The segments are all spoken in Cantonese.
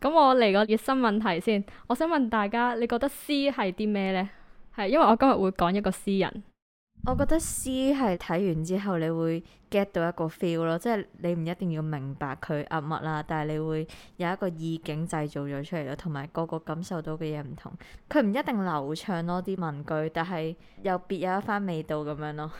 咁我嚟個熱身問題先，我想問大家，你覺得詩係啲咩呢？係因為我今日會講一個詩人。我覺得詩係睇完之後你會 get 到一個 feel 咯，即係你唔一定要明白佢噏乜啦，但係你會有一個意境製造咗出嚟咯，同埋個個感受到嘅嘢唔同。佢唔一定流暢咯啲文句，但係又別有一番味道咁樣咯。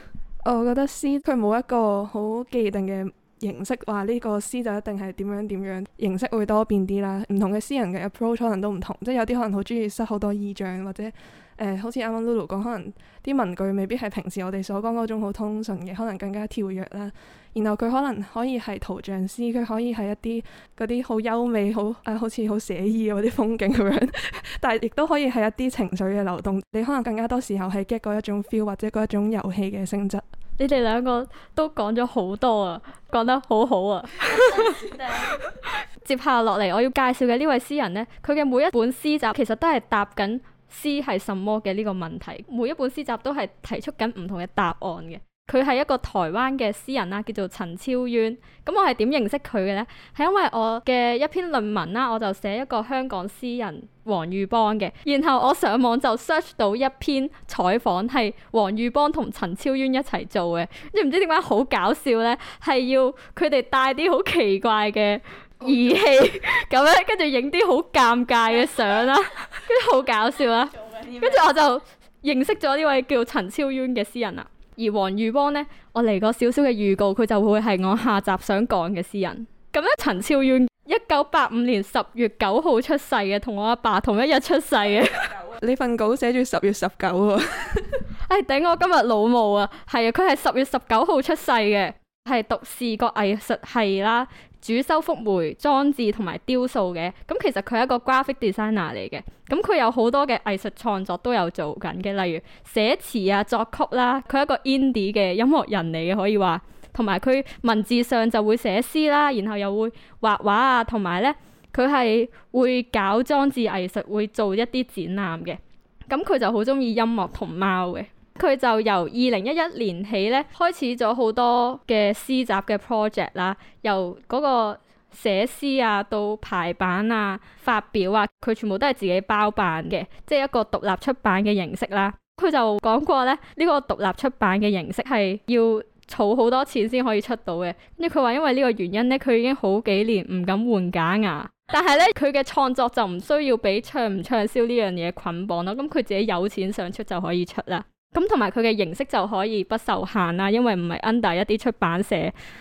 我覺得詩，佢冇一個好既定嘅。形式話呢個詩就一定係點樣點樣，形式會多變啲啦。唔同嘅詩人嘅 approach 可能都唔同，即係有啲可能好中意塞好多意象，或者誒、呃，好似啱啱 Lulu 講，可能啲文句未必係平時我哋所講嗰種好通順嘅，可能更加跳躍啦。然後佢可能可以係圖像詩，佢可以係一啲嗰啲好優美好誒、哎，好似好寫意嗰啲風景咁樣， 但係亦都可以係一啲情緒嘅流動。你可能更加多時候係 get 嗰一種 feel 或者嗰一種遊戲嘅性質。你哋兩個都講咗好多啊，講得好好啊！ 接下落嚟，我要介紹嘅呢位詩人呢，佢嘅每一本詩集其實都係答緊詩係什麼嘅呢個問題，每一本詩集都係提出緊唔同嘅答案嘅。佢係一個台灣嘅詩人啦，叫做陳昭淵。咁我係點認識佢嘅呢？係因為我嘅一篇論文啦，我就寫一個香港詩人黃裕邦嘅。然後我上網就 search 到一篇採訪係黃裕邦同陳昭淵一齊做嘅。即係唔知點解好搞笑呢，係要佢哋帶啲好奇怪嘅儀器咁樣，跟住影啲好尷尬嘅相啦，跟住好搞笑啦。跟住 我就認識咗呢位叫陳昭淵嘅詩人啦。而黃裕邦呢，我嚟個少少嘅預告，佢就會係我下集想講嘅詩人。咁咧，陳昭淵一九八五年十月九號出世嘅，同我阿爸，爸同一日出世嘅。 你份稿寫住十月十九喎？唉，頂我今日老母啊！係、 哎、啊，佢係十月十九號出世嘅，係讀視覺藝術系啦。主修複媒裝置同埋雕塑嘅，咁其實佢係一個 graphic designer 嚟嘅。咁佢有好多嘅藝術創作都有做緊嘅，例如寫詞啊、作曲啦、啊。佢係一個 indie 嘅音樂人嚟嘅，可以話同埋佢文字上就會寫詩啦、啊，然後又會畫畫啊，同埋呢，佢係會搞裝置藝術，會做一啲展覽嘅。咁佢就好中意音樂同貓嘅。佢就由二零一一年起咧，開始咗好多嘅詩集嘅 project 啦。由嗰個寫詩啊，到排版啊、發表啊，佢全部都係自己包辦嘅，即係一個獨立出版嘅形式啦。佢就講過咧，呢個獨立出版嘅形式係要儲好多錢先可以出到嘅。咁佢話因為呢個原因咧，佢已經好幾年唔敢換假牙。但係咧，佢嘅創作就唔需要俾暢唔暢銷呢樣嘢捆綁咯。咁佢自己有錢想出就可以出啦。咁同埋佢嘅形式就可以不受限啦，因為唔係 under 一啲出版社，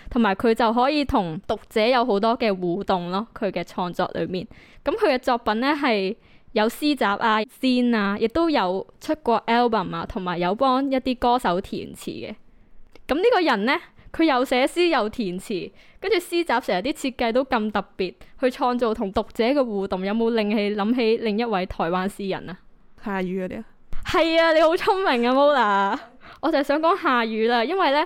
同埋佢就可以同讀者有好多嘅互動咯。佢嘅創作裏面，咁佢嘅作品呢係有詩集啊、Zine 啊，亦都有出過 album 啊，同埋有幫一啲歌手填詞嘅。咁呢個人呢，佢又寫詩又填詞，跟住詩集成日啲設計都咁特別，去創造同讀者嘅互動。有冇令你諗起另一位台灣詩人啊？夏宇嗰啲啊？係啊，你好聰明啊，Mola。 我就係想講夏雨啦，因為呢，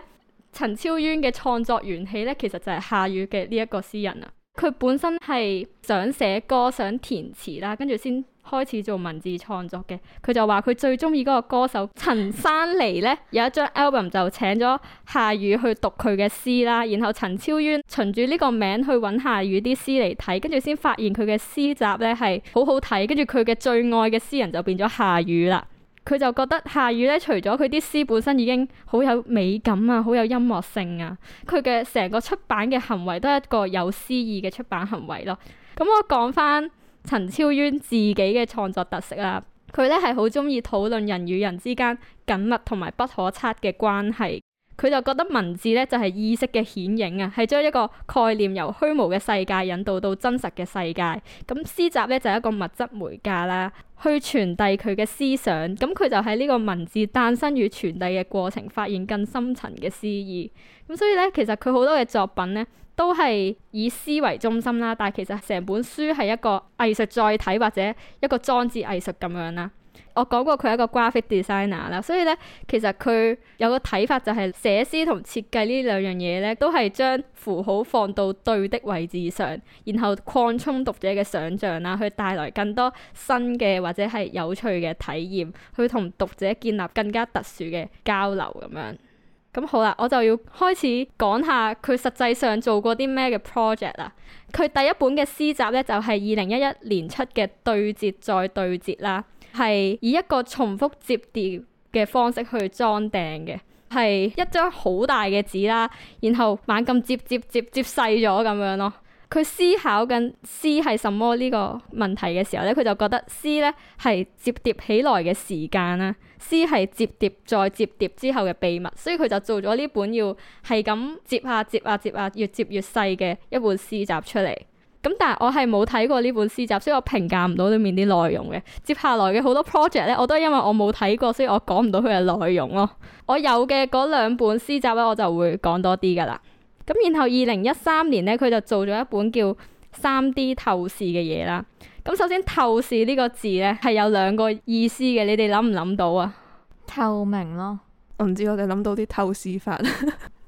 陳昭淵嘅創作元氣呢，其實就係夏雨嘅呢一個詩人啊。佢本身係想寫歌、想填詞啦，跟住先開始做文字創作嘅。佢就話佢最中意嗰個歌手陳珊妮呢，有一張 album 就請咗夏雨去讀佢嘅詩啦。然後陳昭淵循住呢個名去揾夏雨啲詩嚟睇，跟住先發現佢嘅詩集呢係好好睇，跟住佢嘅最愛嘅詩人就變咗夏雨啦。佢就覺得夏宇呢，除咗佢啲詩本身已經好有美感啊，好有音樂性啊，佢嘅成個出版嘅行為都係一個有詩意嘅出版行為咯。咁、嗯、我講返陳昭淵自己嘅創作特色啦，佢呢係好中意討論人與人之間緊密同埋不可測嘅關係。佢就覺得文字呢，就係意識嘅顯影啊，係將一個概念由虛無嘅世界引導到真實嘅世界。咁詩集呢，就係一個物質媒介啦，去傳遞佢嘅思想。咁佢就喺呢個文字誕生與傳遞嘅過程，發現更深層嘅詩意。咁所以呢，其實佢好多嘅作品呢，都係以詩為中心啦。但係其實成本書係一個藝術載體或者一個裝置藝術咁樣啦。我講過佢係一個 graphic designer 啦，所以咧，其實佢有個睇法就係寫詩同設計呢兩樣嘢咧，都係將符號放到對的位置上，然後擴充讀者嘅想象啦，去帶來更多新嘅或者係有趣嘅體驗，去同讀者建立更加特殊嘅交流咁樣。咁好啦，我就要開始講下佢實際上做過啲咩嘅 project 啦。佢第一本嘅詩集咧，就係二零一一年出嘅《對折再對折》啦。係以一個重複摺疊嘅方式去裝訂嘅，係一張好大嘅紙啦，然後猛咁摺摺摺摺細咗咁樣咯。佢思考緊詩係什麼呢個問題嘅時候咧，佢就覺得詩咧係摺疊起來嘅時間啦，詩係摺疊再摺疊之後嘅秘密，所以佢就做咗呢本要係咁摺下摺下摺下越摺越細嘅一本詩集出嚟。咁但係我係冇睇過呢本詩集，所以我評價唔到裏面啲內容嘅。接下來嘅好多 project 呢，我都因為我冇睇過，所以我講唔到佢嘅內容咯。我有嘅嗰兩本詩集呢，我就會講多啲噶啦。咁然後二零一三年呢，佢就做咗一本叫 3D 透視嘅嘢啦。咁首先透視呢個字呢，係有兩個意思嘅，你哋諗唔諗到啊？透明咯，我唔知我哋諗到啲透視法。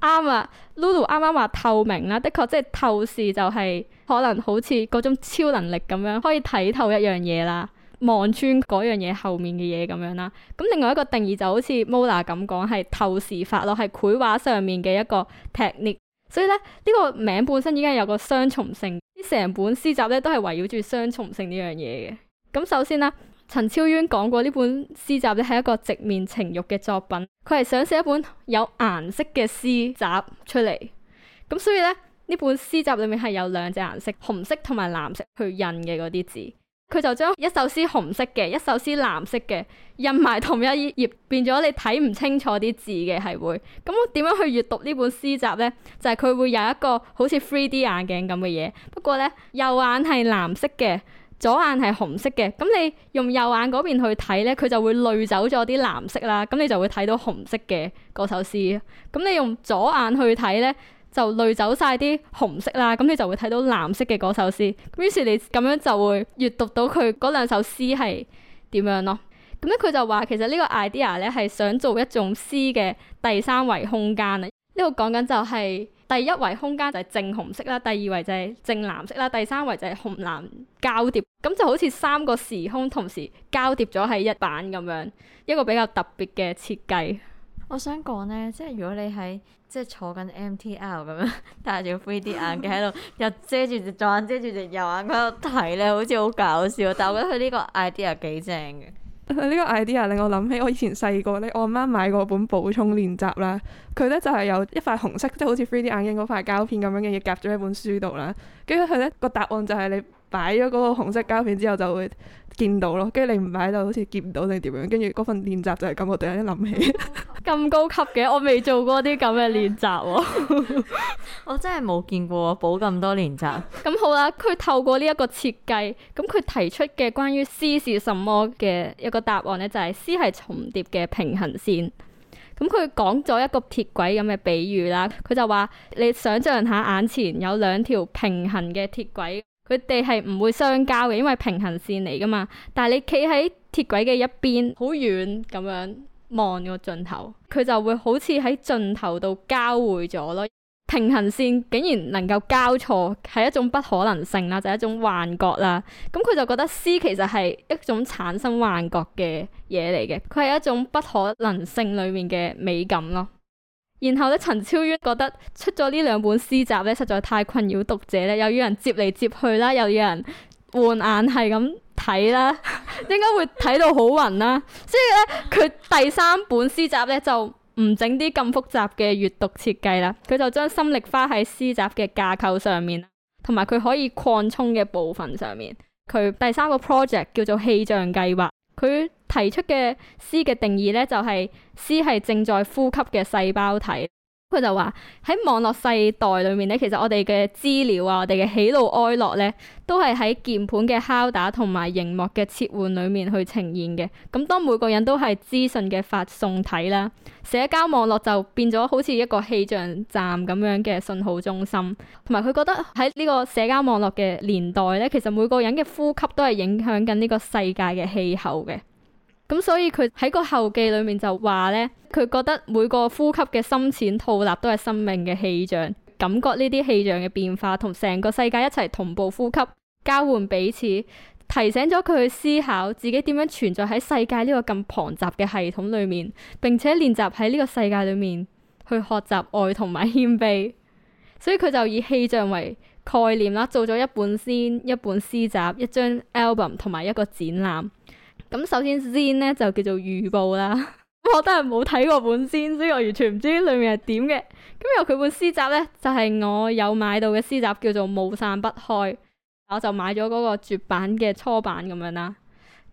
啱啊 Lulu 啱啱話透明啦，的確即係透視就係可能好似嗰種超能力咁樣，可以睇透一樣嘢啦，望穿嗰樣嘢後面嘅嘢咁樣啦。咁另外一個定義就好似 Mola 咁講，係透視法咯，係繪畫上面嘅一個 technique。所以呢，呢個名本身已經有個雙重性，啲成本詩集呢都係圍繞住雙重性呢樣嘢嘅。咁首先啦。陳昭淵講過呢本詩集咧，係一個直面情欲嘅作品，佢係想寫一本有顏色嘅詩集出嚟。咁所以呢，呢本詩集裏面係有兩隻顏色，紅色同埋藍色去印嘅嗰啲字。佢就將一首詩紅色嘅，一首詩藍色嘅，印埋同一頁，變咗你睇唔清楚啲字嘅係會。咁我點樣去閱讀呢本詩集呢？就係、是、佢會有一個好似 3D 眼鏡咁嘅嘢，不過呢，右眼係藍色嘅。左眼係紅色嘅，咁你用右眼嗰邊去睇呢，佢就會濾走咗啲藍色啦，咁你就會睇到紅色嘅嗰首詩。咁你用左眼去睇呢，就濾走晒啲紅色啦，咁你就會睇到藍色嘅嗰首詩。於是你咁樣就會閱讀到佢嗰兩首詩係點樣咯。咁咧佢就話其實呢個 idea 呢係想做一種詩嘅第三維空間啊。呢度講緊就係。第一維空間就係正紅色啦，第二維就係正藍色啦，第三維就係紅藍交疊，咁就好似三個時空同時交疊咗喺一版咁樣，一個比較特別嘅設計。 我想講呢，即係如果你喺即係坐緊 M T R 咁樣，戴住 3D 眼鏡喺度， 又遮住隻左眼，遮住隻右眼喺度睇呢，好似好搞笑。 但係我覺得佢呢個 idea 幾正嘅。呢個 idea 令我諗起我以前細個呢，我阿媽買過本補充練習啦，佢呢就係、是、有一塊紅色，即係好似 three D 眼鏡嗰塊膠片咁樣嘅嘢夾咗喺本書度啦。跟住佢呢個答案就係你擺咗嗰個紅色膠片之後，就會。見到咯，跟住你唔買就好似見唔到你點樣，跟住嗰份練習就係咁級， 我突然一諗起咁高級嘅，我未做過啲咁嘅練習喎， 我真係冇見過，補咁多練習。咁 好啦，佢透過呢一個設計，咁佢提出嘅關於詩是什麼嘅一個答案呢，就係詩係重疊嘅平行線。咁佢講咗一個鐵軌咁嘅比喻啦，佢就話你想象下眼前有兩條平行嘅鐵軌。佢哋係唔會相交嘅，因為平行線嚟噶嘛。但係你企喺鐵軌嘅一邊，好遠咁樣望個盡頭，佢就會好似喺盡頭度交匯咗咯。平行線竟然能夠交錯，係一種不可能性啦，就係，一種幻覺啦。咁、嗯、佢就覺得詩其實係一種產生幻覺嘅嘢嚟嘅，佢係一種不可能性裏面嘅美感咯。然後呢，陳昭淵覺得出咗呢兩本詩集呢，實在太困擾讀者啦，又要人接嚟接去啦，又要人換眼係咁睇啦， 應該會睇到好暈啦，啊。所以呢，佢第三本詩集呢，就唔整啲咁複雜嘅閱讀設計啦，佢就將心力花喺詩集嘅架構上面同埋佢可以擴充嘅部分上面。佢第三個 project 叫做氣象計劃，佢提出嘅詩嘅定義呢，就係詩係正在呼吸嘅細胞體。佢就話喺網絡世代裏面呢，其實我哋嘅資料啊，我哋嘅喜怒哀樂呢，都係喺鍵盤嘅敲打同埋熒幕嘅切換裏面去呈現嘅。咁當每個人都係資訊嘅發送體啦，社交網絡就變咗好似一個氣象站咁樣嘅信號中心。同埋佢覺得喺呢個社交網絡嘅年代呢，其實每個人嘅呼吸都係影響緊呢個世界嘅氣候嘅。咁、嗯、所以佢喺個後記裏面就話呢，佢覺得每個呼吸嘅深淺、吐納都係生命嘅氣象，感覺呢啲氣象嘅變化，同成個世界一齊同步呼吸，交換彼此，提醒咗佢去思考自己點樣存在喺世界呢個咁龐雜嘅系統裏面，並且練習喺呢個世界裏面去學習愛同埋謙卑。所以佢就以氣象為概念啦，做咗一本 zine、一本詩集、一張 album 同埋一個展覽。咁首先 Zine 呢，就叫做預報啦， 我都係冇睇過本 Zine，所以我完全唔知裏面係點嘅。咁然後佢本詩集呢，就係、是、我有買到嘅詩集，叫做霧散不開，我就買咗嗰個絕版嘅初版咁樣啦。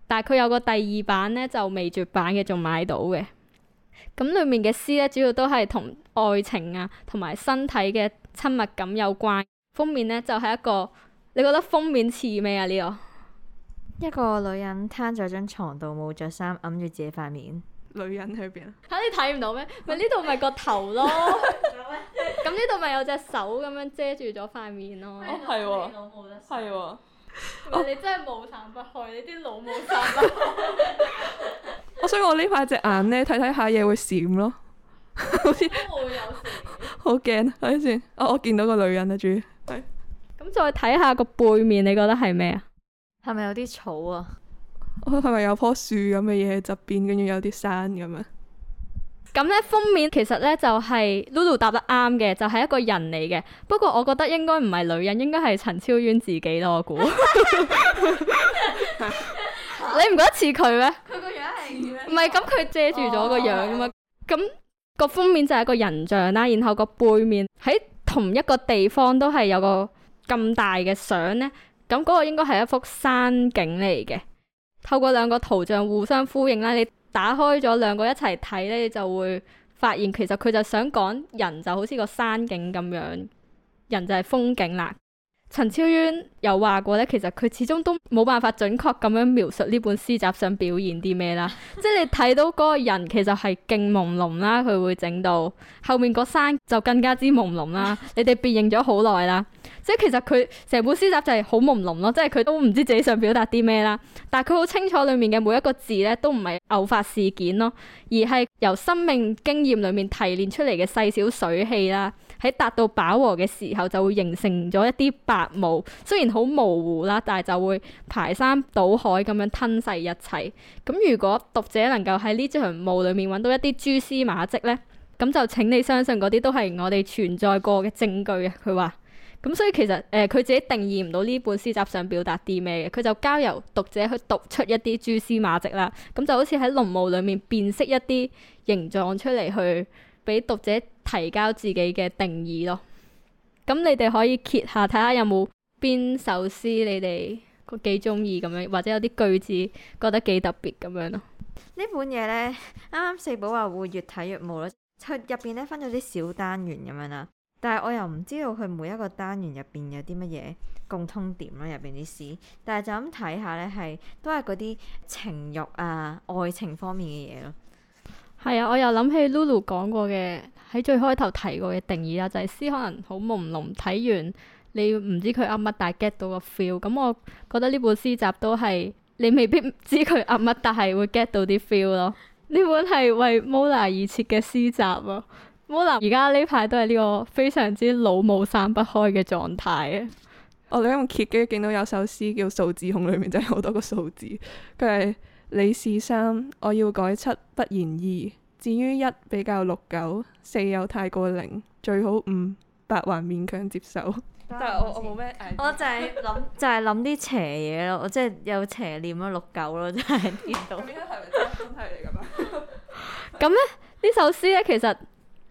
但係佢有個第二版呢，就未絕版嘅，仲買到嘅。咁裏面嘅詩呢，主要都係同愛情啊，同埋身體嘅親密感有關。封面呢，就係、是、一個你覺得封面似咩啊呢個？一個女人攤咗張床度，冇着衫，揞住自己塊面。女人喺邊啊？吓你睇唔到咩？咪呢度咪個頭咯？咁呢度咪有隻手咁樣遮住咗塊面咯？係喎。係喎。係你真係霧散不開，你啲腦霧散不開。我想我呢塊隻眼咧，睇睇下嘢會閃咯，好似。好驚！等先。哦，我見到個女人啦，主。係。咁再睇下個背面，你覺得係咩啊？係咪有啲草啊？係咪、哦、有棵樹咁嘅嘢喺側邊，跟住有啲山咁樣？咁呢封面其實呢，就係、是、Lulu 答得啱嘅，就係、是、一個人嚟嘅。不過我覺得應該唔係女人，應該係陳昭淵自己咯。我估你唔覺得似佢咩？佢個樣係唔係咁？佢遮住咗個樣啊嘛。咁個、oh, okay. 封面就係一個人像啦，然後個背面喺同一個地方都係有個咁大嘅相呢。咁嗰個應該係一幅山景嚟嘅。透過兩個圖像互相呼應啦，你打開咗兩個一齊睇呢，你就會發現其實佢就想講人就好似個山景咁樣，人就係風景啦。陳昭淵有話過咧，其實佢始終都冇辦法準確咁樣描述呢本詩集想表現啲咩啦。 即係你睇到嗰個人其實係勁朦朧啦，佢會整到後面個山就更加之朦朧啦。你哋辨認咗好耐啦，即係其實佢成本詩集就係好朦朧咯，即係佢都唔知自己想表達啲咩啦。但係佢好清楚裡面嘅每一個字咧，都唔係偶發事件咯，而係由生命經驗裡面提煉出嚟嘅細小水氣啦。喺達到飽和嘅時候，就會形成咗一啲白霧。雖然好模糊啦，但係就會排山倒海咁樣吞噬一切。咁如果讀者能夠喺呢層霧裏面揾到一啲蛛絲馬跡呢，咁就請你相信嗰啲都係我哋存在過嘅證據啊。佢話：咁所以其實誒，佢、呃、自己定義唔到呢本詩集想表達啲咩嘅，佢就交由讀者去讀出一啲蛛絲馬跡啦。咁就好似喺濃霧裏面辨識一啲形狀出嚟去。俾讀者提交自己嘅定義咯。咁你哋可以揭下，睇下有冇邊首詩你哋幾中意咁樣，或者有啲句子覺得幾特別咁樣咯。呢本嘢呢，啱啱四寶話會越睇越冇咯。佢入邊咧分咗啲小單元咁樣啦，但係我又唔知道佢每一個單元入邊有啲乜嘢共通點咯，入邊啲詩。但係就咁睇下呢，係都係嗰啲情欲啊、愛情方面嘅嘢咯。係啊，我又諗起 Lulu 講過嘅，喺最開頭提過嘅定義啦，就係、是、詩可能好朦朧，睇完你唔知佢噏乜，但係 get 到個 feel。咁我覺得呢本詩集都係你未必知佢噏乜，但係會 get 到啲 feel 咯。呢本係為 Mola 而設嘅詩集啊。Mola 而家呢排都係呢個非常之腦霧散不開嘅狀態啊。我哋今日揭機見到有首詩叫數字孔裏面，真係好多個數字，佢係。你試三，我要改七，不然二。至於一比較六九，四有太過零，最好五八還勉強接受。但係我我冇咩、 就是，我就係諗就係諗啲邪嘢咯，我即係有邪念咯，六九咯，真、就、係、是、 呢度。咁咧，呢首詩咧其實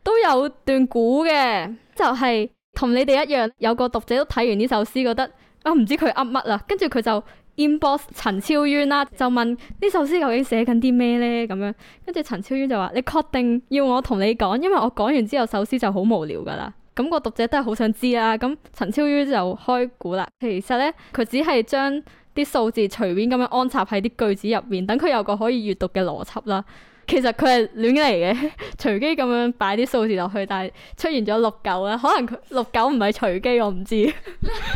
都有段古嘅，就係、是、同你哋一樣，有個讀者都睇完呢首詩，覺得啊唔知佢噏乜啦，跟住佢就。inbox 陳昭淵啦，就問呢首詩究竟寫緊啲咩呢？咁樣跟住陳昭淵就話：你確定要我同你講？因為我講完之後，首詩就好無聊噶啦。咁、那個讀者都係好想知啦。咁陳昭淵就開估啦。其實呢，佢只係將啲數字隨便咁樣安插喺啲句子入面，等佢有個可以閱讀嘅邏輯啦。其實佢係亂嚟嘅，隨機咁樣擺啲數字落去，但係出現咗六九咧，可能六九唔係隨機，我唔知。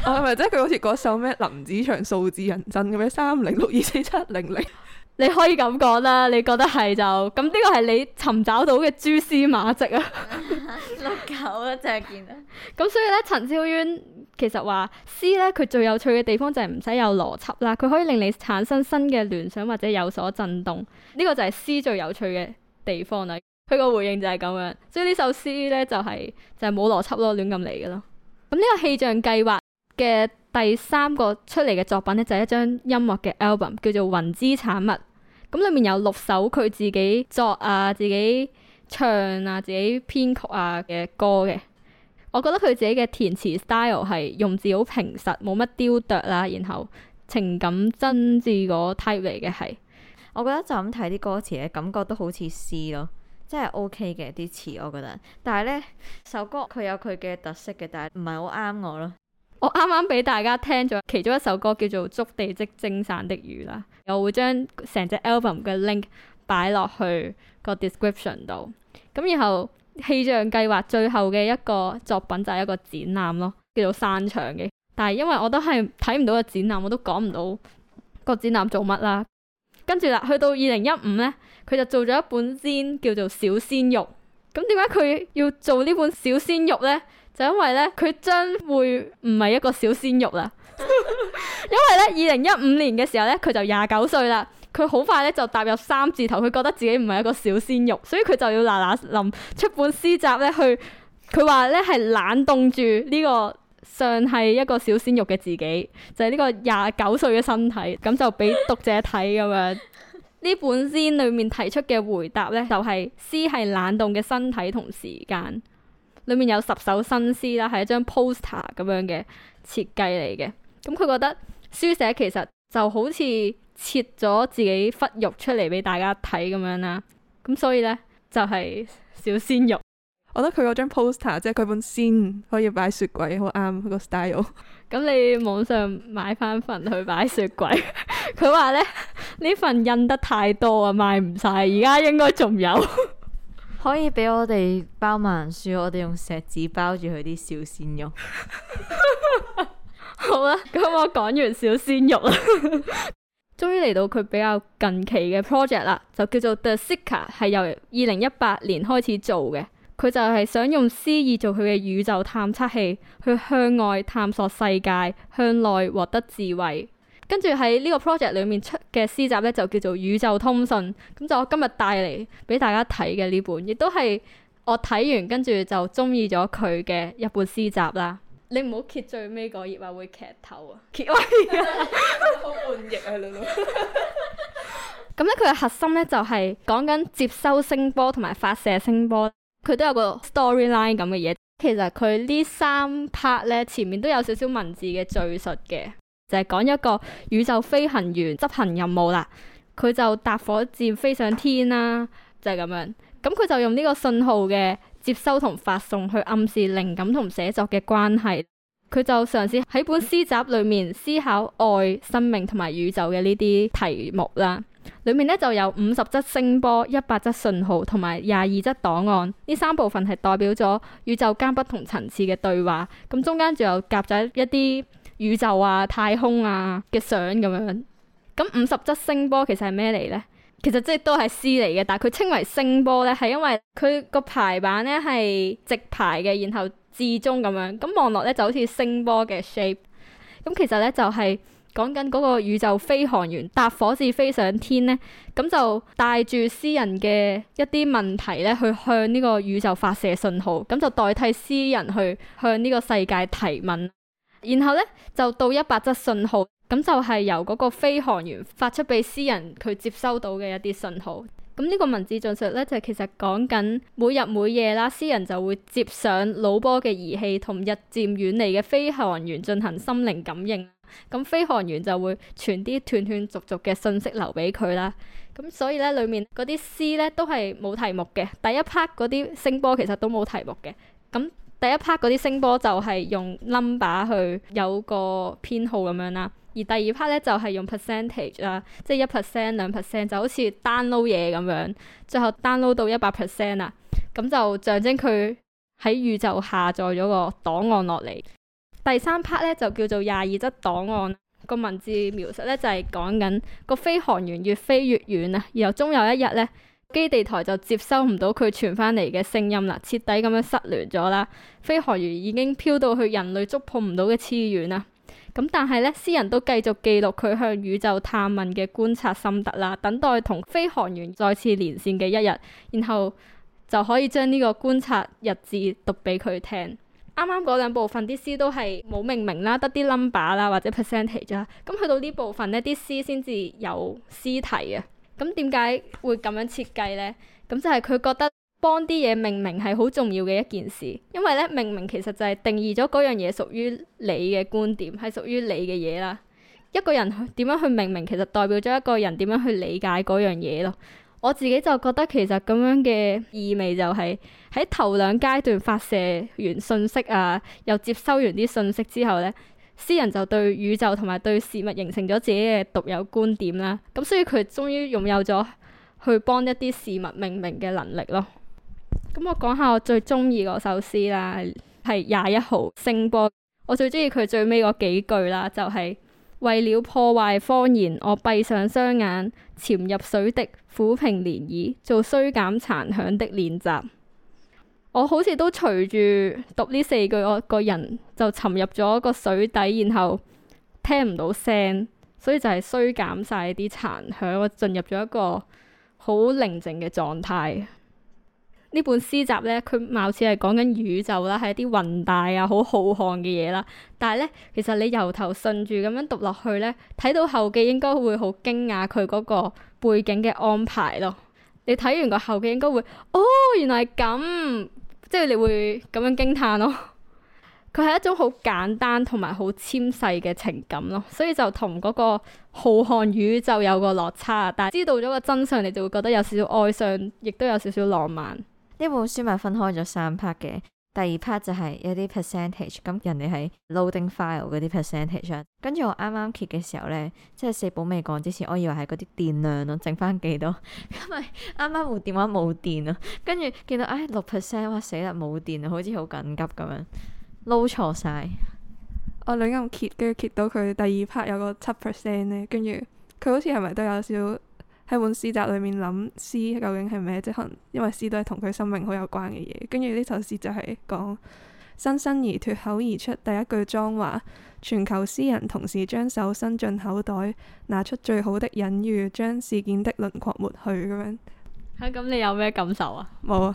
係咪、 啊？即係佢好似嗰首咩林子祥數字人真咁樣三零六二四七零零，你可以咁講啦，你覺得係就咁呢個係你尋找到嘅蛛絲馬跡啊， 六九啊，淨係見啊，咁 所以咧，陳昭淵。其實話詩咧，佢最有趣嘅地方就係唔使有邏輯啦，佢可以令你產生新嘅聯想或者有所震動，呢個就係詩最有趣嘅地方啦。佢個回應就係咁樣，所以呢首詩咧就係就係冇邏輯咯，亂咁嚟嘅咯。咁呢個氣象計劃嘅第三個出嚟嘅作品咧，就係一張音樂嘅 album，叫做《雲之產物》。咁裏面有六首佢自己作啊、自己唱啊、自己編曲啊嘅歌嘅。我覺得佢自己嘅填詞 style 係用字好平實，冇乜雕琢啦，然後情感真摯嗰 type 嚟嘅係，我覺得就咁睇啲歌詞咧，感覺都好似詩咯，真係 OK 嘅啲詞，詞我覺得。但係呢首歌佢有佢嘅特色嘅，但係唔係好啱我咯。我啱啱俾大家聽咗其中一首歌叫做《捉地即蒸散的雨》啦，又會將成隻 album 嘅 link 擺落去個 description 度，咁然後。氣象計劃最後嘅一個作品就係一個展覽咯，叫做散場嘅。但係因為我都係睇唔到個展覽，我都講唔到個展覽做乜啦。跟住啦，去到二零一五呢，佢就做咗一本 Zine 叫做小鮮肉。咁點解佢要做呢本小鮮肉呢？就因為呢，佢將會唔係一個小鮮肉啦。 因為呢，二零一五年嘅時候呢，佢就廿九歲啦。佢好快咧就踏入三字頭，佢覺得自己唔係一個小鮮肉，所以佢就要嗱嗱臨出本詩集咧去。佢話咧係冷凍住呢個上係一個小鮮肉嘅自己，就係呢個廿九歲嘅身體，咁就俾讀者睇咁樣。呢 本詩裡面提出嘅回答咧，就係詩係冷凍嘅身體同時間。裡面有十首新詩啦，係一張 poster 咁樣嘅設計嚟嘅。咁佢覺得書寫其實就好似切咗自己骨肉出嚟俾大家睇咁樣啦，咁所以呢，就係小鮮肉。我覺得佢嗰張 poster 即係佢本 zine 可以擺雪櫃好啱佢個 style。咁你網上買翻份去擺雪櫃，佢 話呢，呢份印得太多啊，賣唔晒，而家應該仲有， 可以俾我哋包埋。書，我哋用錫紙包住佢啲小鮮肉。 好啦，咁我講完小鮮肉啦。 終於嚟到佢比較近期嘅 project 啦，就叫做 The s i c k e r，係由二零一八年開始做嘅。佢就係想用詩意做佢嘅宇宙探測器，去向外探索世界，向內獲得智慧。跟住喺呢個 project 裏面出嘅詩集呢，就叫做《宇宙通訊》。咁就我今日帶嚟俾大家睇嘅呢本，亦都係我睇完跟住就中意咗佢嘅一本詩集啦。你唔好揭最尾嗰頁啊，會劇透啊！揭開啊，好叛逆啊，你都咁咧，佢嘅核心咧就係講緊接收聲波同埋發射聲波，佢都有個 storyline 咁嘅嘢。其實佢呢三 part 咧前面都有少少文字嘅敘述嘅，就係講一個宇宙飛行員執行任務啦，佢就搭火箭飛上天啦，就係咁樣。咁佢就用呢個信號嘅，接收同發送去暗示靈感同寫作嘅關係，佢就嘗試喺本詩集裏面思考愛、生命同埋宇宙嘅呢啲題目啦。裏面呢就有五十則聲波、一百則信號同埋廿二則檔案，呢三部分係代表咗宇宙間不同層次嘅對話。咁中間仲有夾咗一啲宇宙啊、太空啊嘅相咁樣。咁五十則聲波其實係咩嚟呢？其實即係都係詩嚟嘅，但係佢稱為聲波呢，係因為佢個排版呢係直排嘅，然後置中咁樣，咁望落呢就好似聲波嘅 shape。咁其實呢，就係講緊嗰個宇宙飛行員搭火箭飛上天呢，咁就帶住詩人嘅一啲問題呢去向呢個宇宙發射信號，咁就代替詩人去向呢個世界提問，然後呢，就到一百則信號。咁就係由嗰個飛行員發出俾詩人佢接收到嘅一啲信號。咁呢個文字敘述呢，就係、其實講緊每日每夜啦，詩人就會接上腦波嘅儀器，同日漸遠離嘅飛行員進行心靈感應。咁飛行員就會傳啲斷斷續續嘅信息留俾佢啦。咁所以呢，裡面嗰啲詩呢都係冇題目嘅。第一 part 嗰啲聲波其實都冇題目嘅。咁第一 part 嗰啲聲波就係用 number 去有個編號咁樣啦，而第二 part 咧就係用 percentage 啦，即係一 percent 兩 percent，就好似 download 嘢咁樣，最後 download 到一百 percent 啦，咁就象徵佢喺宇宙下載咗個檔案落嚟。第三 part 咧就叫做廿二則檔案，個文字描述咧就係講緊個飛行員越飛越遠啊，然後終有一日咧。基地台就接收唔到佢傳翻嚟嘅聲音啦，徹底咁樣失聯咗啦。飛航員已經飄到去人類觸碰唔到嘅次元啦。咁但係呢，詩人都繼續記錄佢向宇宙探問嘅觀察心得啦，等待同飛航員再次連線嘅一日，然後就可以將呢個觀察日誌讀俾佢聽。啱啱嗰兩部分啲詩都係冇命名啦，得啲 number 啦或者 percentage 啦。咁去到呢部分呢啲詩先至有詩題啊。咁點解會咁樣設計呢？咁就係佢覺得幫啲嘢命名係好重要嘅一件事，因為呢命名其實就係定義咗嗰樣嘢屬於你嘅觀點，係屬於你嘅嘢啦。一個人點樣去命名，其實代表咗一個人點樣去理解嗰樣嘢咯。我自己就覺得其實咁樣嘅意味就係、是、喺頭兩階段發射完信息啊，又接收完啲信息之後呢。詩人就對宇宙同埋對事物形成咗自己嘅獨有觀點啦，咁所以佢終於擁有咗去幫一啲事物命名嘅能力咯。咁我講下我最中意嗰首詩啦，係廿一號《聲波》。我最中意佢最尾嗰幾句啦，就係為了破壞方言，我閉上雙眼，潛入水滴，撫平漣漪，做衰減殘響的練習。我好似都隨住讀呢四句，我個人就沉入咗個水底，然後聽唔到聲，所以就係衰減晒啲殘響。我進入咗一個好寧靜嘅狀態。呢本詩集呢，佢貌似係講緊宇宙啦，係一啲宏大啊、好浩瀚嘅嘢啦。但係呢，其實你由頭順住咁樣讀落去呢，睇到後記應該會好驚訝佢嗰個背景嘅安排咯。你睇完個後記應該會，哦，原來係咁。即係你會咁樣驚嘆咯，佢係一種好簡單同埋好纖細嘅情感咯，所以就同嗰個浩瀚宇宙有個落差。但係知道咗個真相，你就會覺得有少少哀傷，亦都有少少浪漫。呢部書咪分開咗三 part 嘅。第二 part 就係有啲 percentage，咁人哋喺 loading file 嗰啲 percentage 跟住我啱啱揭嘅時候呢，即係四寶未講之前，我以為係嗰啲電量咯，剩翻幾多，因為啱啱部電話冇電咯，跟住見到唉六 percent，哇死啦冇電啊，好似好緊急咁樣撈錯晒，我亂咁揭，跟住揭到佢第二 part 有個七 percent 咧，跟住佢好似係咪都有少？喺本詩集裏面諗詩究竟係咩即可能因為詩都係同佢生命好有關嘅嘢。跟住呢首詩就係講新生而脫口而出第一句髒話，全球詩人同時將手伸進口袋，拿出最好的隱喻，將事件的輪廓抹去咁樣。嚇、啊！咁你有咩感受啊？冇有。啊，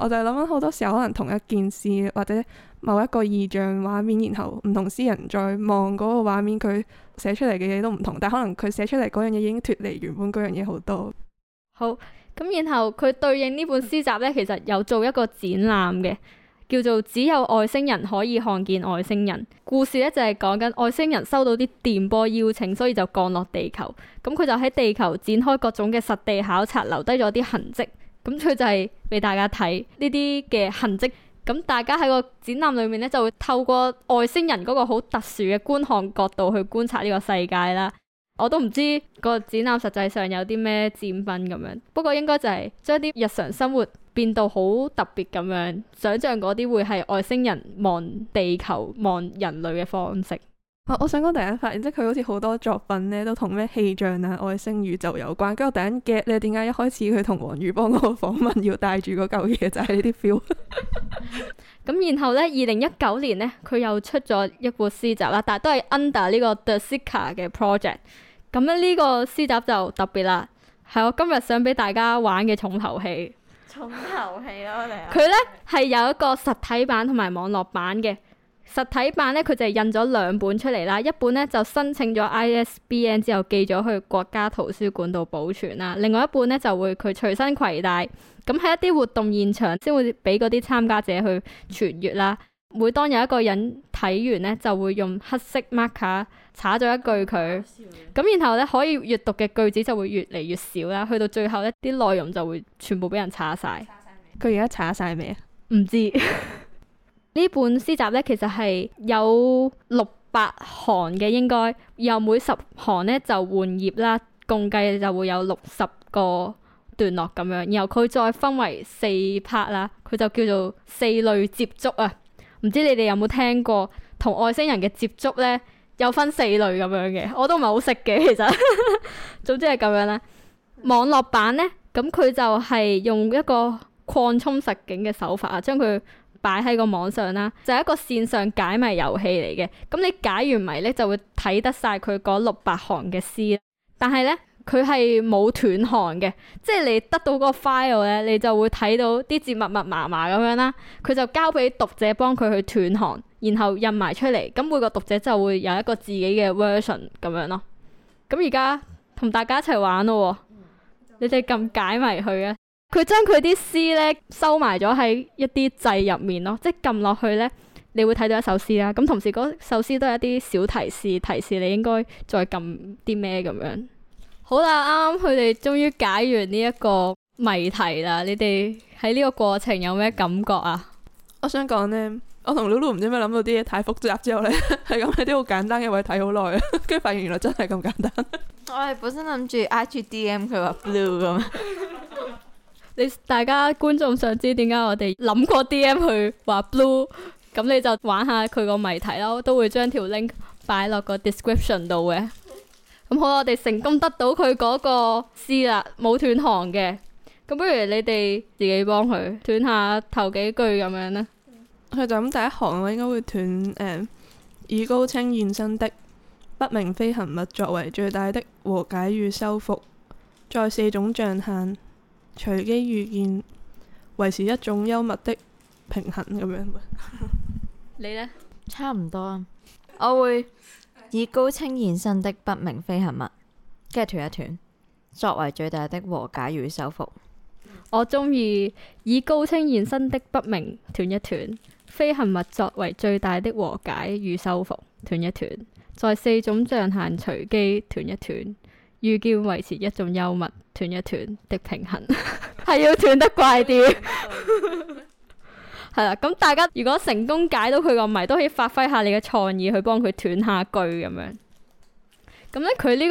我就係諗緊好多時候，可能同一件事或者某一個意象畫面，然後唔同詩人再望嗰個畫面，佢。寫出嚟嘅嘢都唔同，但係可能佢寫出嚟嗰樣嘢已經脫離原本嗰樣嘢好多。好，咁然後佢對應呢本詩集呢，其實有做一個展覽嘅，叫做《只有外星人可以看見外星人》。故事呢就係講緊外星人收到啲電波邀請，所以就降落地球。咁佢就喺地球展開各種嘅實地考察，留低咗啲痕跡。咁佢就係俾大家睇呢啲嘅痕跡。咁大家喺個展覽裏面呢，就會透過外星人嗰個好特殊嘅觀看角度去觀察呢個世界啦。我都唔知個展覽實際上有啲咩展品咁樣，不過應該就係將啲日常生活變到好特別咁樣，想象嗰啲會係外星人望地球望人類嘅方式。我、啊、我想講，突然間發現，即係佢好似好多作品咧都同咩氣象啊、外星宇宙有關。跟住我突然間 get 咧，點解一開始佢同黃裕邦嗰個訪問要帶住嗰嚿嘢，就係呢啲 feel。咁然後咧，二零一九年咧，佢又出咗一部詩集啦，但係都係 under 呢個 The Sicca 嘅 project。咁咧呢個詩集就特別啦，係我今日想俾大家玩嘅重頭戲。 重頭戲咯、啊，你佢咧係有一個實體版同埋網絡版嘅。實體版咧，佢就印咗兩本出嚟啦，一本咧就申請咗 ISBN 之後寄咗去國家圖書館度保存啦，另外一本咧就會佢隨身攜帶，咁喺一啲活動現場先會俾嗰啲參加者去傳閱啦。每當有一個人睇完咧，就會用黑色 marker 查咗一句佢，咁然後咧可以閲讀嘅句子就會越嚟越少啦，去到最後一啲內容就會全部俾人查晒。佢而家查晒未？唔知。 呢本詩集呢，其實係有六百行嘅，應該由每十行呢就換頁啦，共計就會有六十個段落咁樣。然後佢再分為四 part 啦，佢就叫做四類接觸啊。唔知你哋有冇聽過同外星人嘅接觸呢？有分四類咁樣嘅，我都唔係好識嘅。其實， 總之係咁樣啦。網絡版呢，咁佢就係用一個擴充實境嘅手法啊，將佢，擺喺個網上啦，就係一個線上解謎遊戲嚟嘅。咁你解完謎呢，就會睇得晒佢嗰六百行嘅詩。但係呢，佢係冇斷行嘅，即係你得到嗰個 file 呢，你就會睇到啲字密密麻麻咁樣啦。佢就交俾讀者幫佢去斷行，然後印埋出嚟。咁每個讀者就會有一個自己嘅 version 咁樣咯。咁而家同大家一齊玩咯，哦，你哋撳解謎去啊！佢將佢啲詩咧收埋咗喺一啲掣入面咯，即係撳落去咧，你會睇到一首詩啦。咁同時嗰首詩都有一啲小提示，提示你應該再撳啲咩咁樣。好啦，啱啱佢哋終於解完呢一個謎題啦！你哋喺呢個過程有咩感覺啊？我想講咧，我同 Lulu 唔知咩諗到啲嘢太複雜之後咧，係咁喺啲好簡單嘅位睇好耐，跟住發現原來真係咁簡單。我哋本身諗住 IGDM 佢話 blue 咁。你大家，觀眾想知點解我哋諗過 D M 去話 blue，咁你就玩下佢個謎題咯，都會將條 link 擺落個 description 度嘅。咁好，我哋成功得到佢嗰個詩啦，冇斷行嘅。咁不如你哋自己幫佢斷下頭幾句咁樣咧。佢就咁第一行咯，我應該會斷誒，以高清現身的不明飛行物作為最大的和解與修復，再四種象限。隨機遇見，維持一種幽默的平衡咁樣。 你呢？差唔多啊，我會以高清現身的不明飛行物，跟住斷一斷，作為最大的和解與修復。我中意以高清現身的不明斷一斷，飛行物作為最大的和解與修復，斷一斷，在四種象限隨機斷一斷。遇見維持一種幽默斷一斷的平衡，係 要斷得怪啲，係 啦。 咁、嗯、大家如果成功解到佢個謎，都可以發揮下你嘅創意去幫佢斷下句咁樣。咁、嗯、咧，佢呢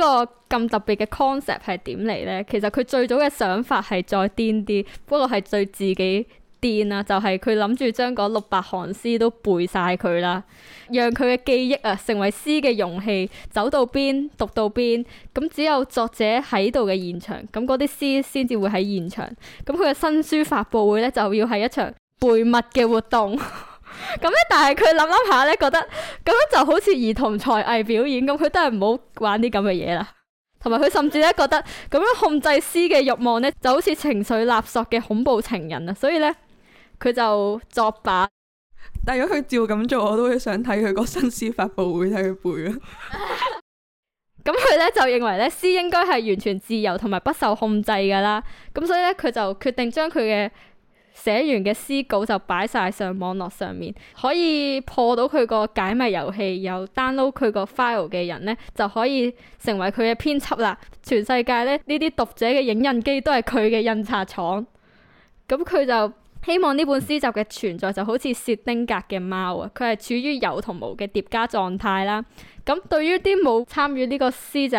個咁特別嘅 concept 係點嚟呢？其實佢最早嘅想法係再癲啲，不過係對自己。癲啊！就係佢諗住將嗰六百行詩都背晒佢啦，讓佢嘅記憶啊成為詩嘅容器，走到邊讀到邊。咁只有作者喺度嘅現場，咁嗰啲詩先至會喺現場。咁佢嘅新書發佈會呢，就要係一場背默嘅活動。咁咧，但係佢諗諗下呢，覺得咁樣就好似兒童才藝表演咁，佢都係唔好玩啲咁嘅嘢啦。同埋佢甚至咧覺得咁樣控制詩嘅欲望呢，就好似情緒勒索嘅恐怖情人啊！所以呢，佢就作罷，但如果佢照咁做，我都會想睇佢個新詩發佈會，睇佢背啊！咁佢呢就認為呢詩應該係完全自由同埋不受控制噶啦，咁所以呢，佢就決定將佢嘅寫完嘅詩稿就擺晒上網絡上面，可以破到佢個解謎遊戲又 download 佢個 file 嘅人呢，就可以成為佢嘅編輯啦。全世界呢，呢啲讀者嘅影印機都係佢嘅印刷廠，咁佢就。希望呢本詩集嘅存在就好似薛丁格嘅貓啊，佢係處於有同冇嘅疊加狀態啦。咁對於啲冇參與呢個詩集、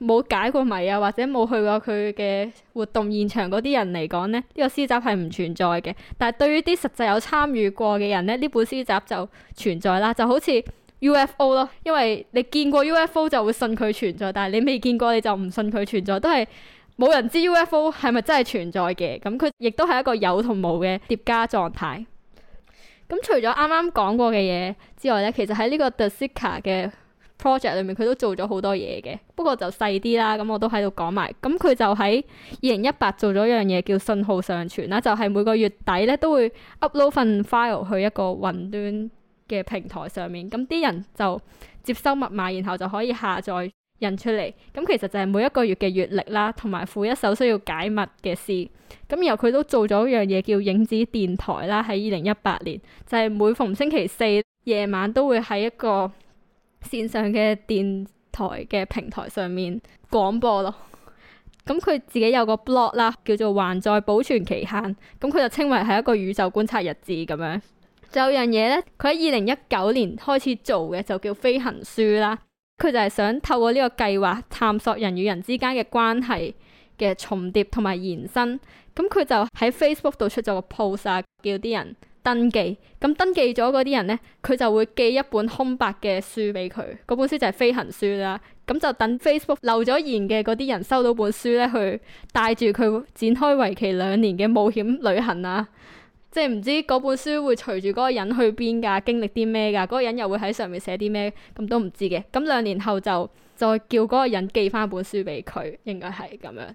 冇解過謎啊或者冇去過佢嘅活動現場嗰啲人嚟講咧，呢個詩集係唔存在嘅。但係對於啲實際有參與過嘅人咧，呢本詩集就存在啦，就好似 UFO 咯。因為你見過 UFO 就會信佢存在，但係你未見過你就唔信佢存在，都係。冇人知 UFO 係咪真係存在嘅？咁佢亦都係一個有同冇嘅疊加狀態。咁除咗啱啱講過嘅嘢之外咧，其實喺呢個 d e s i c a 嘅 project 裏面，佢都做咗好多嘢嘅。不過就細啲啦。咁我都喺度講埋。咁佢就喺二零一八做咗一樣嘢叫信號上傳啦。就係每個月底咧都會 upload 份 file 去一個雲端嘅平台上面。咁啲人就接收密碼，然後就可以下載。印出嚟，咁其實就係每一個月嘅月曆啦，同埋付一首需要解密嘅詩。咁然後佢都做咗一樣嘢叫影子電台啦，喺二零一八年，就係、是、每逢星期四夜晚都會喺一個線上嘅電台嘅平台上面廣播咯。咁 佢自己有個 blog 啦，叫做還在保存期限，咁佢就稱為係一個宇宙觀察日誌咁樣。 就有樣嘢呢，佢喺二零一九年開始做嘅就叫飛行書啦。佢就係想透過呢個計劃探索人與人之間嘅關係嘅重疊同埋延伸。咁佢就喺 Facebook 度出咗個 post 啊，叫啲人登記。咁登記咗嗰啲人呢，佢就會寄一本空白嘅書俾佢。嗰本書就係飛行書啦。咁就等 Facebook 留咗言嘅嗰啲人收到本書呢，去帶住佢展開為期兩年嘅冒險旅行啊！即係唔知嗰本書會隨住嗰個人去邊噶，經歷啲咩噶，嗰個人又會喺上面寫啲咩，咁都唔知嘅。咁兩年後就再叫嗰個人寄翻本書俾佢，應該係咁樣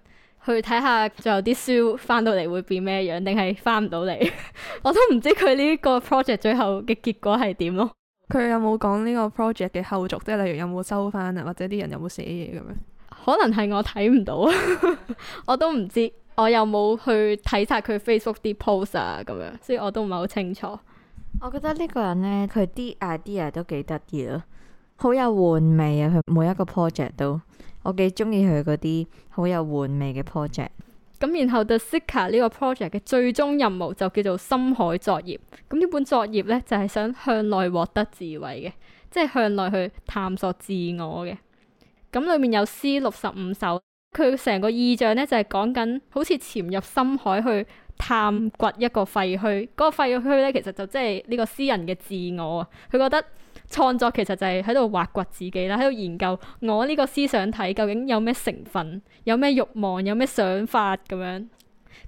去睇下，最後啲書翻到嚟會變咩樣，定係翻唔到嚟？ 我都唔知佢呢個 project 最後嘅結果係點咯。佢有冇講呢個 project 嘅後續？即係例如有冇收翻啊，或者啲人有冇寫嘢咁樣？可能係我睇唔到啊， 我都唔知。我又冇去睇晒佢 Facebook 啲 post 啊，咁樣，所以我都唔係好清楚。我覺得呢個人呢，佢啲 idea 都幾得意咯，好有玩味啊！佢每一個 project 都，我幾中意佢嗰啲好有玩味嘅 project。咁然後 The Seeker 呢個 project 嘅最終任務就叫做深海作業。咁呢本作業呢，就係想向內獲得智慧嘅，即係向內去探索自我嘅。咁裏面有詩六十五首。佢成個意象咧，就係講緊好似潛入深海去探掘一個廢墟，嗰、那個廢墟咧，其實就即係呢個詩人嘅自我啊！佢覺得創作其實就係喺度挖掘自己啦，喺度研究我呢個思想體究竟有咩成分、有咩欲望、有咩想法咁樣。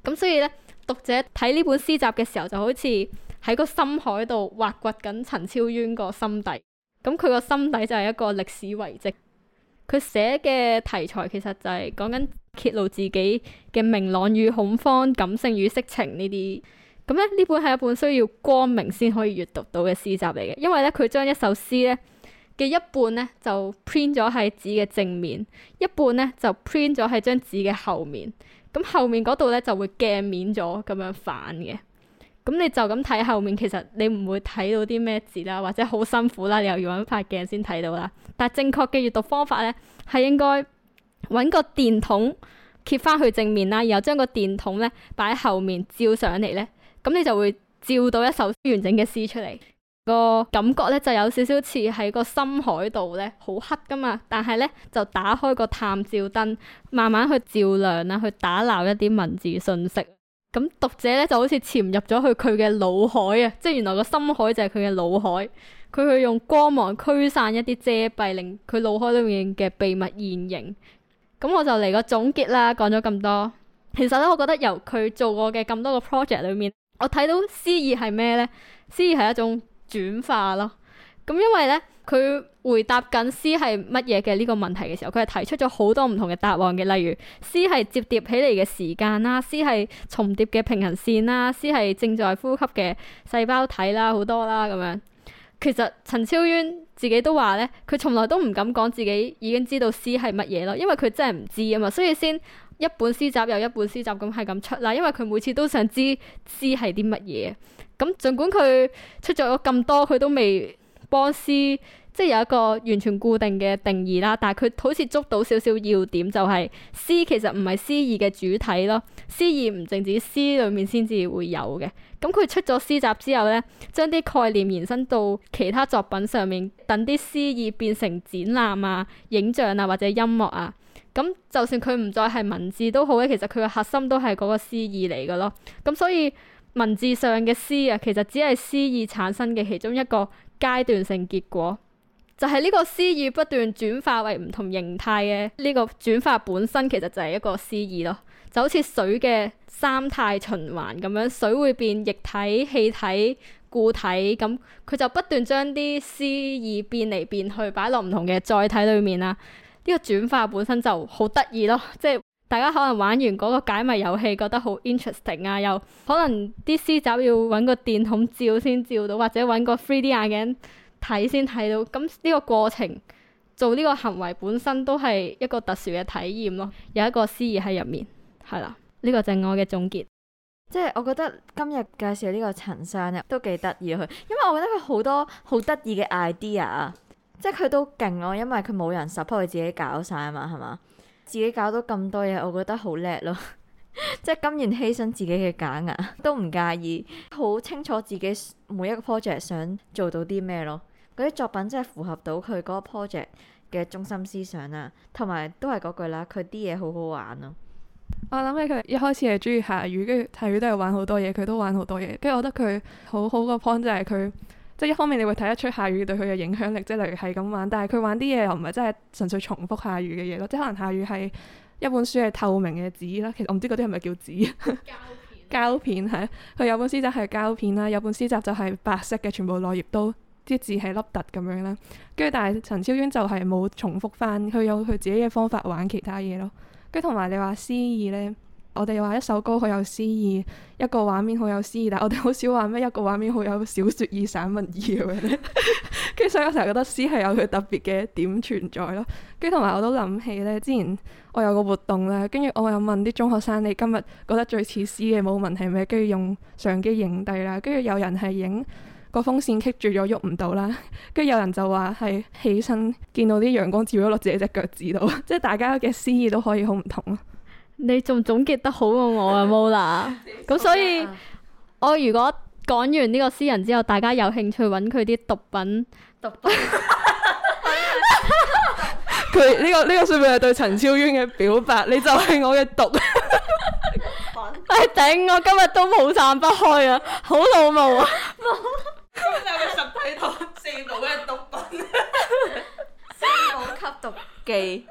咁所以咧，讀者睇呢本詩集嘅時候，就好似喺個深海度挖掘緊陳昭淵個心底。咁佢個心底就係一個歷史遺跡。佢寫嘅題材其實就係講緊揭露自己嘅明朗與恐慌、感性與色情呢啲。咁咧呢本係一本需要光明先可以閱讀到嘅詩集嚟嘅，因為咧佢將一首詩咧嘅一半咧就 print 咗喺紙嘅正面，一半咧就 print 咗喺張紙嘅後面。咁後面嗰度咧就會鏡面咗咁樣反嘅。咁你就咁睇後面，其實你唔會睇到啲咩字啦，或者好辛苦啦，你又要揾塊鏡先睇到啦。但係正確嘅閱讀方法呢，係應該揾個電筒揭翻去正面啦，然後將個電筒呢擺喺後面照上嚟呢。咁你就會照到一首完整嘅詩出嚟。個感覺呢就有少少似喺個深海度呢，好黑噶嘛，但係呢，就打開個探照燈，慢慢去照亮啦，去打撈一啲文字信息。咁讀者咧就好似潛入咗去佢嘅腦海啊，即係原來個深海就係佢嘅腦海，佢去用光芒驅散一啲遮蔽，令佢腦海裏面嘅秘密現形。咁我就嚟個總結啦，講咗咁多，其實咧，我覺得由佢做過嘅咁多個 project 裏面，我睇到詩意係咩呢？詩意係一種轉化咯。咁因為呢。佢回答緊詩係乜嘢嘅呢個問題嘅時候，佢係提出咗好多唔同嘅答案嘅，例如詩係摺疊起嚟嘅時間啦，詩係重疊嘅平行線啦，詩係正在呼吸嘅細胞體啦，好多啦咁樣。其實陳昭淵自己都話呢，佢從來都唔敢講自己已經知道詩係乜嘢咯，因為佢真係唔知啊嘛，所以先一本詩集又一本詩集咁係咁出啦。因為佢每次都想知詩係啲乜嘢，咁儘管佢出咗咁多，佢都未幫詩。即係有一個完全固定嘅定義啦，但係佢好似捉到少少要點，就係、是、詩其實唔係詩意嘅主體咯。詩意唔淨止詩裡面先至會有嘅。咁佢出咗詩集之後呢，將啲概念延伸到其他作品上面，等啲詩意變成展覽啊、影像啊或者音樂啊。咁就算佢唔再係文字都好咧，其實佢嘅核心都係嗰個詩意嚟嘅咯。咁所以文字上嘅詩啊，其實只係詩意產生嘅其中一個階段性結果。就係呢個詩意不斷轉化為唔同形態嘅呢個轉化本身，其實就係一個詩意咯。就好似水嘅三態循環咁樣，水會變液體、氣體、固體，咁佢就不斷將啲詩意變嚟變去，擺落唔同嘅載體裡面啦。呢個轉化本身就好得意咯，即係大家可能玩完嗰個解謎遊戲，覺得好 interesting 啊，又可能啲詩集要揾個電筒照先照到，或者揾個 3D 眼鏡。睇先睇到咁，呢個過程，做呢個行為本身都係一個特殊嘅體驗咯，有一個詩意喺入面，係啦，呢個就係我嘅總結。即係我覺得今日介紹呢個陳生都幾得意佢，因為我覺得佢好多好得意嘅 idea，即係佢都勁咯，因為佢冇人 support 佢，自己搞晒啊嘛，係嘛，自己搞到咁多嘢，我覺得好叻咯，即係甘願犧牲自己嘅假牙都唔介意，好清楚自己每一個 project 想做到啲咩咯。嗰啲作品真係符合到佢嗰個 project 嘅中心思想啊，同埋都係嗰句啦。佢啲嘢好好玩咯，啊。我諗起佢一開始係中意夏宇，跟住夏宇都係玩好多嘢，佢都玩好多嘢。跟住我覺得佢好好個 point 就係佢即係一方面你會睇得出夏宇對佢嘅影響力，即係例如係咁玩。但係佢玩啲嘢又唔係真係純粹重複夏宇嘅嘢咯，即係可能夏宇係一本書係透明嘅紙啦。其實我唔知嗰啲係咪叫紙膠膠片吓 片。佢有本詩集係膠片啦，有本詩集就係白色嘅，全部內頁都。啲字係凹凸咁樣啦，跟住但係陳昭淵就係冇重複翻，佢有佢自己嘅方法玩其他嘢咯。跟住同埋你話詩意呢，我哋又話一首歌好有詩意，一個畫面好有詩意，但係我哋好少話咩一個畫面好有小説意、散文意嘅。跟 住所以我成日覺得詩係有佢特別嘅點存在咯。跟住同埋我都諗起呢，之前我有個活動咧，跟住我有問啲中學生你今日覺得最似詩嘅冇文係咩？跟住用相機影低啦，跟住有人係影。個風扇棘住咗，喐唔到啦。跟住有人就話係起身，見到啲陽光照咗落自己隻腳趾度，即係大家嘅詩意都可以好唔同。你仲總結得好過我 啊 Mola 咁所以麼我如果講完呢個詩人之後，大家有興趣揾佢啲毒品毒，毒。品、 這個！佢、這、呢個呢個算唔算係對陳昭淵嘅表白？你就係我嘅毒。唉、 哎，頂！我今日都冇散不開啊，好老毛啊。 有係實體堂，四寶嘅讀品，四寶吸毒記。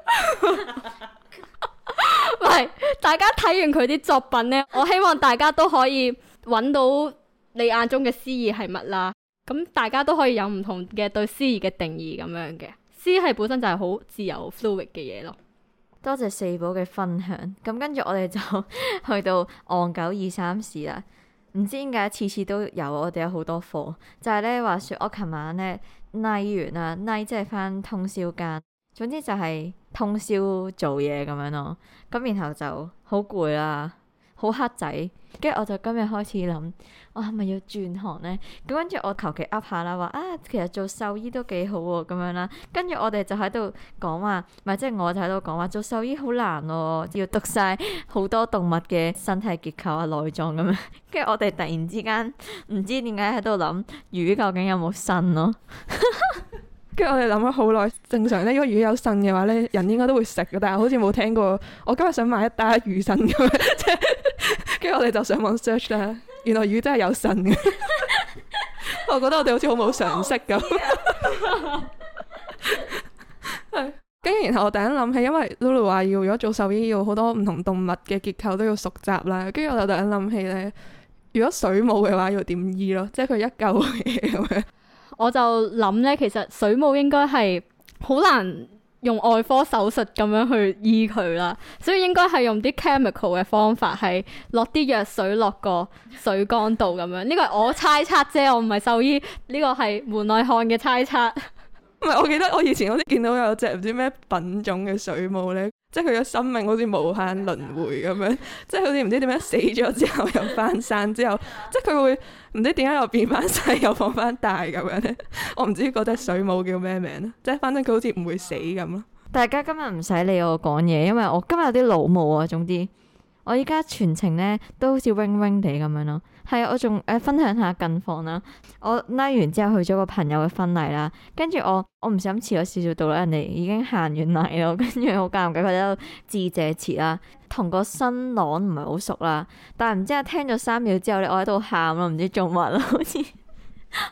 唔係，大家睇完佢啲作品呢，我希望大家都可以揾到你眼中嘅詩意係乜啦。咁大家都可以有唔同嘅對詩意嘅定義咁樣嘅。詩係本身就係好自由 fluid 嘅嘢咯。多謝四寶嘅分享。咁跟住我哋就 去到岸久二三事啦。唔知點解次次都有，我哋有好多課，就係、是、咧話説我琴晚咧 night 完啦，night 即係翻通宵間，總之就係通宵做嘢咁樣咯，咁然後就好攰啦。好黑仔，跟住我就今日開始諗，我係咪要轉行呢？咁跟住我求其噏下啦，話啊，其實做獸醫都幾好喎、啊，咁樣啦。跟住我哋就喺度講話，咪即係我就喺度講話做獸醫好難喎、啊，要讀晒好多動物嘅身體結構啊內臟咁樣。跟住我哋突然之間唔知點解喺度諗魚究竟有冇腎咯、啊？跟 住我哋諗咗好耐，正常呢，如果魚有腎嘅話呢，人應該都會食嘅，但係好似冇聽過。我今日想買一打魚腎咁樣， 跟住我哋就上網 search 咧，原來魚真係有腎嘅。 我覺得我哋好似好冇常識咁。 跟住然後我突然諗起，因為 Lulu 話要如果做獸醫要好多唔同動物嘅結構都要熟習啦，跟住我就突然諗起咧，如果水母嘅話要點醫咯？即係佢一嚿嘢咁樣。我就諗咧，其實水母應該係好難。用外科手術咁樣去醫佢啦，所以應該係用啲 chemical 嘅方法，係落啲藥水落個水缸度咁樣。呢個係我猜測啫，我唔係獸醫，呢個係門外漢嘅猜測。 唔係，我記得我以前嗰啲見到有隻唔知咩品種嘅水母呢，即係佢嘅生命好似無限輪迴咁樣，即係好似唔知點樣死咗之後又翻生，之後即係佢會唔知點解又變翻細又放翻大咁樣呢。我唔知嗰隻水母叫咩名咧，即係反正佢好似唔會死咁咯。大家今日唔使理我講嘢，因為我今日有啲腦霧啊。總之我依家全程呢都好似 wing wing 地咁樣咯。係啊，我仲誒、呃、分享下近況啦。我拉完之後去咗個朋友嘅婚禮啦，跟住我我唔小心遲咗少少到啦，人哋已經行完禮咯，跟住好尷尬，佢喺度致謝詞啦，同個新郎唔係好熟啦，但係唔知啊聽咗三秒之後咧，我喺度喊啦，唔知做乜，好似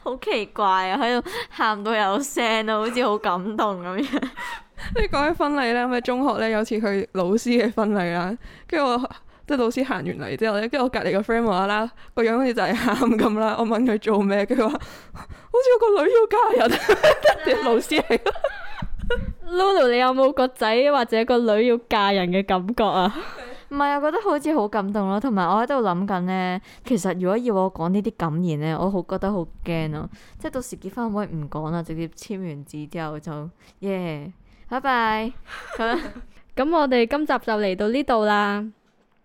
好奇怪啊，喺度喊到有聲啊，好似好感動咁樣。 你講起婚禮咧，咁喺中學咧有次去老師嘅婚禮啦，跟住我。即係老師行完嚟之後咧，跟住我隔籬個 friend 話啦，個樣好似就係喊咁啦。我問佢做咩，佢話好似我個女要嫁人。即係 老師係。Lulu，你有冇個仔或者個女要嫁人嘅感覺啊？唔係啊，我覺得好似好感動咯。同埋我喺度諗緊咧，其實如果要我講呢啲感言咧，我好覺得好驚咯。即係到時結婚可唔可以唔講啦？直接簽完字之後就耶，拜拜。咁，咁我哋今集就嚟到呢度啦。